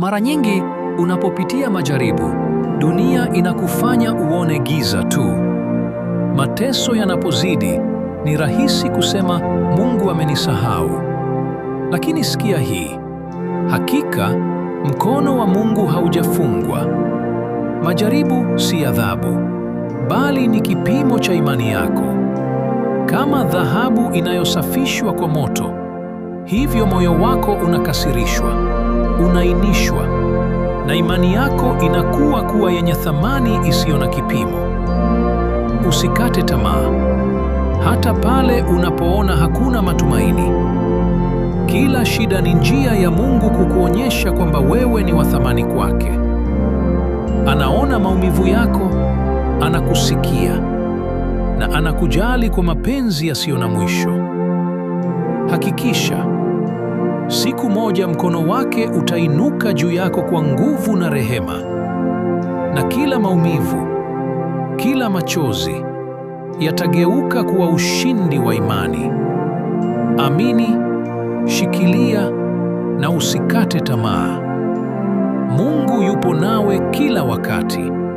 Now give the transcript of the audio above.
Mara nyingi unapopitia majaribu, dunia inakufanya uone giza tu. Mateso yanapozidi, ni rahisi kusema Mungu amenisahau. Lakini sikia hii, hakika mkono wa Mungu haujafungwa. Majaribu si adhabu, bali ni kipimo cha imani yako. Kama dhahabu inayosafishwa kwa moto, hivyo moyo wako unakasirishwa unaainishwa na imani yako inakuwa kuwa yenye thamani isiyo na kipimo. Usikate tamaa hata pale unapoona hakuna matumaini. Kila shida ni njia ya Mungu kukuonyesha kwamba wewe ni wa thamani kwake. Anaona maumivu yako, anakusikia na anakujali kwa mapenzi yasiyo na mwisho. Hakikisha siku moja mkono wake utainuka juu yako kwa nguvu na rehema, na kila maumivu, kila machozi yatageuka kuwa ushindi wa imani. Amini, shikilia na usikate tamaa. Mungu yupo nawe kila wakati.